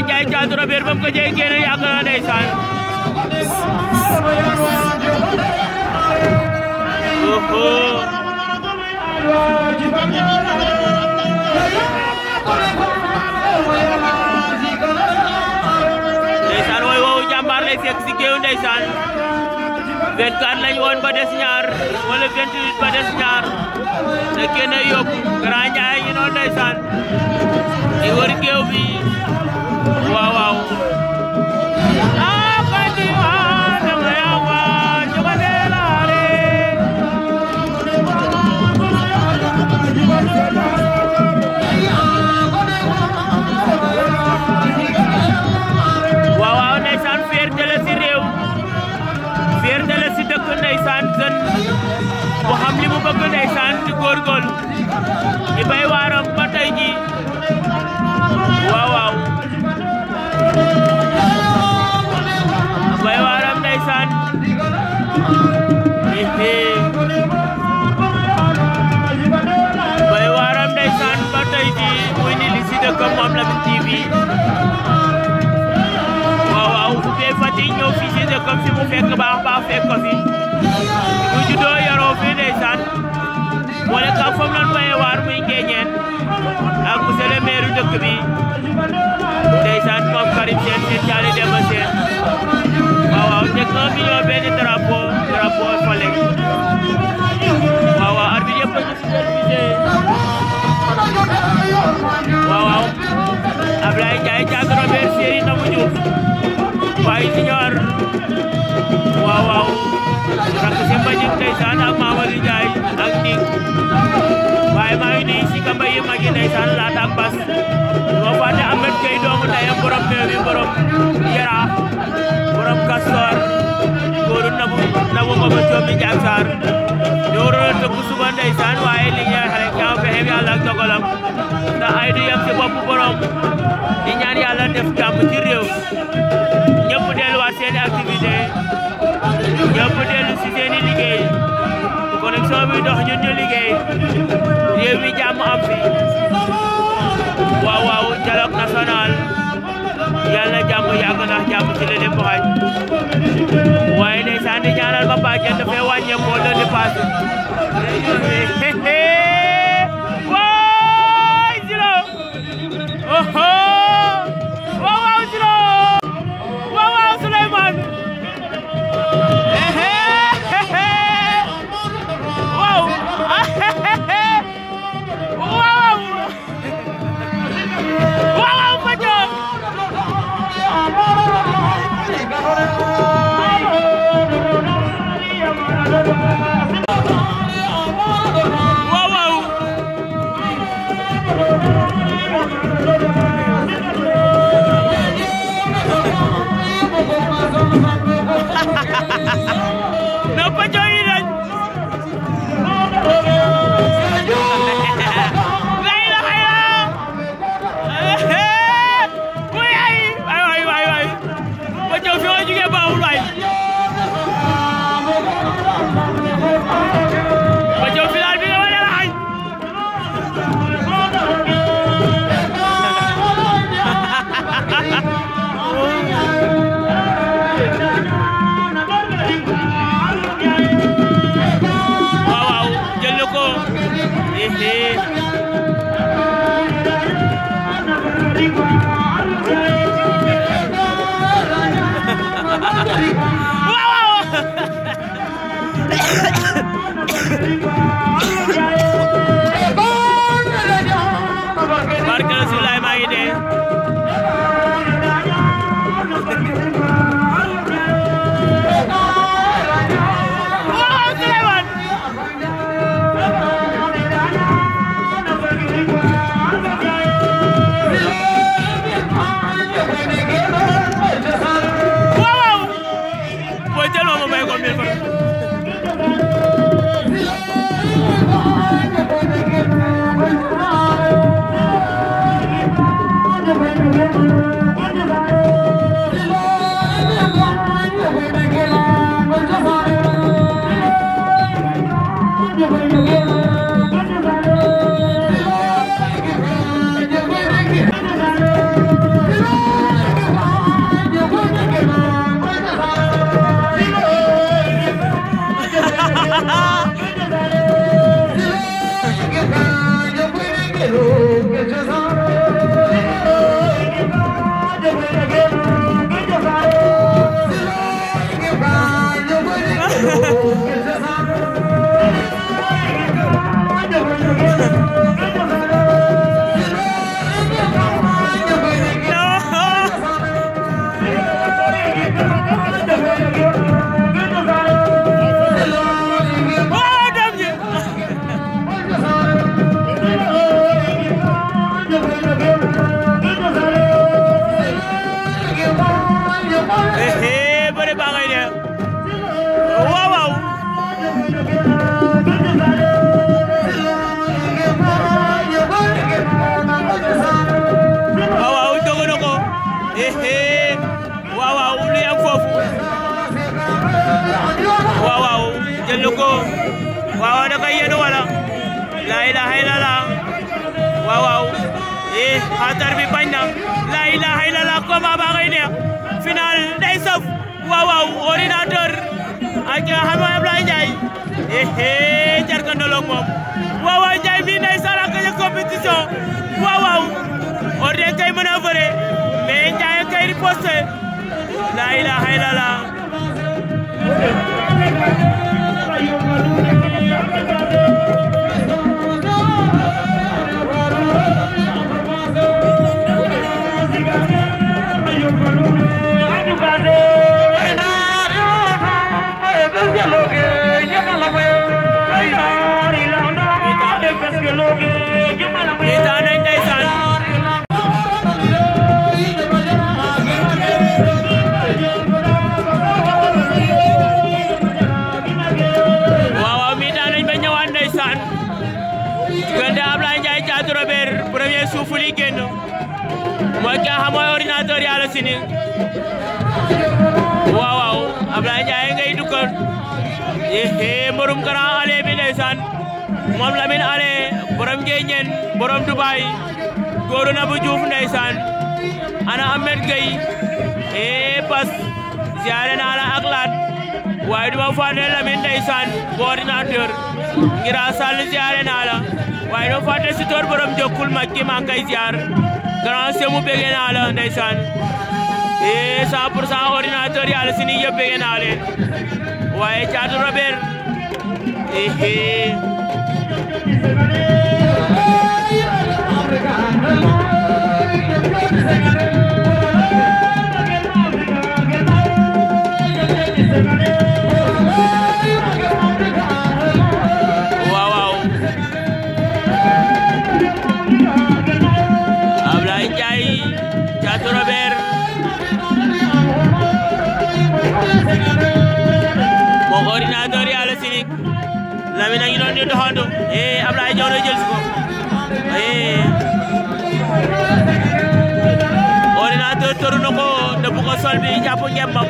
جاي جاي ترى بيربم كجاي كيري di wër géew bi waaw waaw dëkkam moom Lamyn TV waaw waaw bu dee Fatick ñëw fii si dëkkam fi mu fekk baax baax fekk ko fi mu juddoo yoroo fii ndeysaan boole ka fam lan baye Sarr góoru nabu, nabu Maba Diop mi Ndiack Sarr dooroon te ku suba ndeysaan waaye li ñaan xale kaaw fexe bi Yàlla ak ay du yem ci bopp borom di ñaan Yàlla def jàmm ci réew ñëpp delluwaat seen activité ñëpp dellu si seen i connexion bi dox ñu am fi national yàlla na jàmm yàgg ndax jàmm ci la lépp xaj waaye ndeysaan di ñaanal ba bàjjen dafay wàññeekoo doon di paase Thank you. Pero ehe waaw waaw luy am foofu waaw waaw jël na ko waaw waaw da koy yenu wala laa ilaaha illallaah waaw waaw eh xatar bi bañ na laa ilaaha illallaah combat baa ngay neex final day saf waaw waaw ordinateur ak ki nga xam mooy Ablaye Ndiaye ehe jarkandoloog moom waaw waaw Ndiaye mi Docteur Yalla Syni waaw waaw Ablaye Ndiaye ngay dukkan eh mborum grand ale bi ndeysaan moom Lamine ale borom Ngeeñeen borom Dubaay góoru na bu Juuf ndeysaan ana Ahmed Gueye eh pas ziare naa la ak laat waaye duma fàtte Lamine ndeysaan bu ordinateur ngira sall ziare naa la waaye duma fàtte si toor borom jokkul makki maa ngi koy ziar grand Sémou bëggee naa la ndeysaan eh 100 pour 100 ordinateur yàlla si nii yëpp bëggee waaye Thiatou Robert eh, eh. bi jàpp ngembam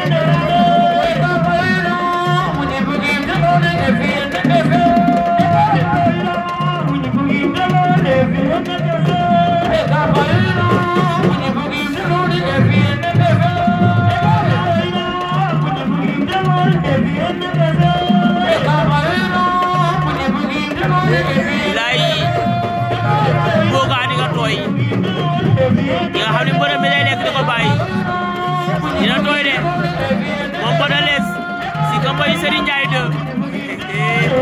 Like, go, go, go, go, go, mooy Serigne Ndiaye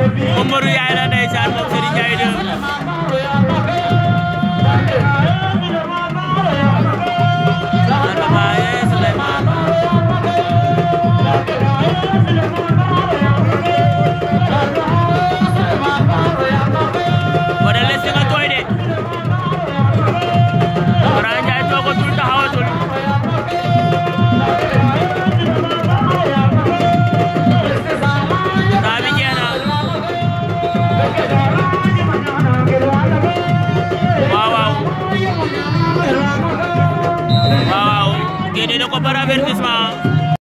2 Momadou yaay la ndeysaan moom Serigne Ndiaye 2 Souleymane